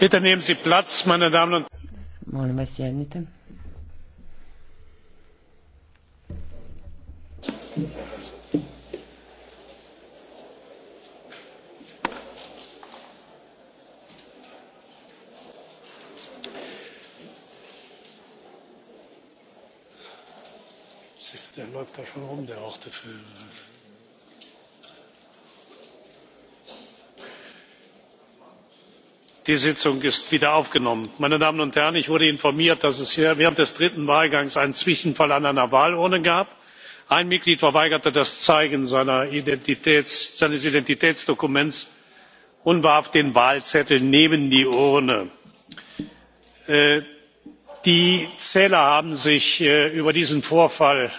Bitte nehmen Sie Platz, meine Damen und Herren vas sjednite. Der läuft da schon rum, der Orte für die sitzung ist wieder aufgenommen. meine damen und herren! ich wurde informiert dass es während des dritten wahlgangs einen zwischenfall an einer wahlurne gab. ein mitglied verweigerte das zeigen seines identitätsdokuments und warf den wahlzettel neben die urne. Äh, die zähler haben sich äh, über diesen vorfall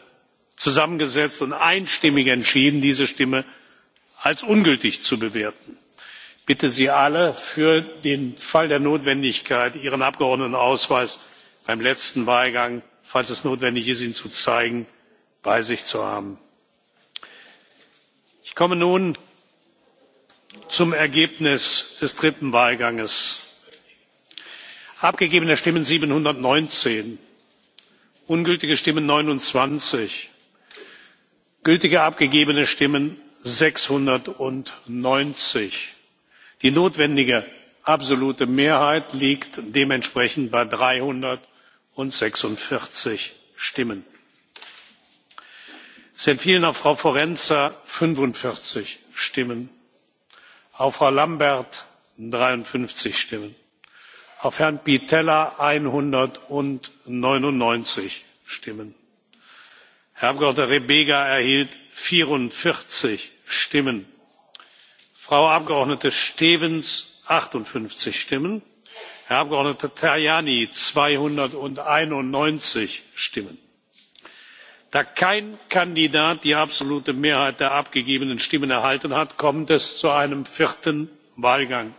äh, zusammengesetzt und einstimmig entschieden diese stimme als ungültig zu bewerten bitte sie alle für den fall der notwendigkeit ihren abgeordnetenausweis beim letzten wahlgang falls es notwendig ist ihn zu zeigen bei sich zu haben. ich komme nun zum ergebnis des dritten wahlganges abgegebene stimmen siebenhundertneunzehn ungültige stimmen neunundzwanzig gültige abgegebene stimmen sechshundertneunzig die notwendige absolute mehrheit liegt dementsprechend bei dreihundertsechsundvierzig stimmen. es entfielen auf frau forenza fünfundvierzig stimmen auf frau lambert dreiundfünfzig stimmen auf herrn pittella einhundertneunundneunzig stimmen. herr abgeordneter rebega erhielt vierundvierzig stimmen frau abgeordnete stevens achtundfünfzig stimmen herr abgeordneter tajani zweihunderteinundneunzig stimmen. da kein kandidat die absolute mehrheit der abgegebenen stimmen erhalten hat kommt es zu einem vierten wahlgang.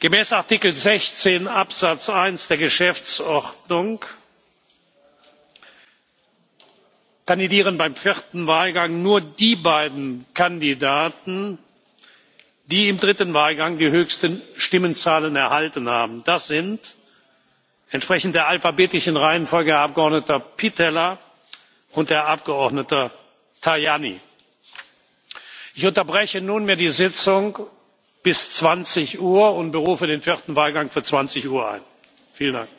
gemäß artikel sechzehn absatz eins der geschäftsordnung kandidieren beim vierten wahlgang nur die beiden kandidaten die im dritten wahlgang die höchsten stimmenzahlen erhalten haben. das sind entsprechend der alphabetischen reihenfolge herr abgeordneter pittella und herr abgeordneter tajani. ich unterbreche nunmehr die sitzung bis zwanzig uhr und berufe den vierten wahlgang für zwanzig uhr ein.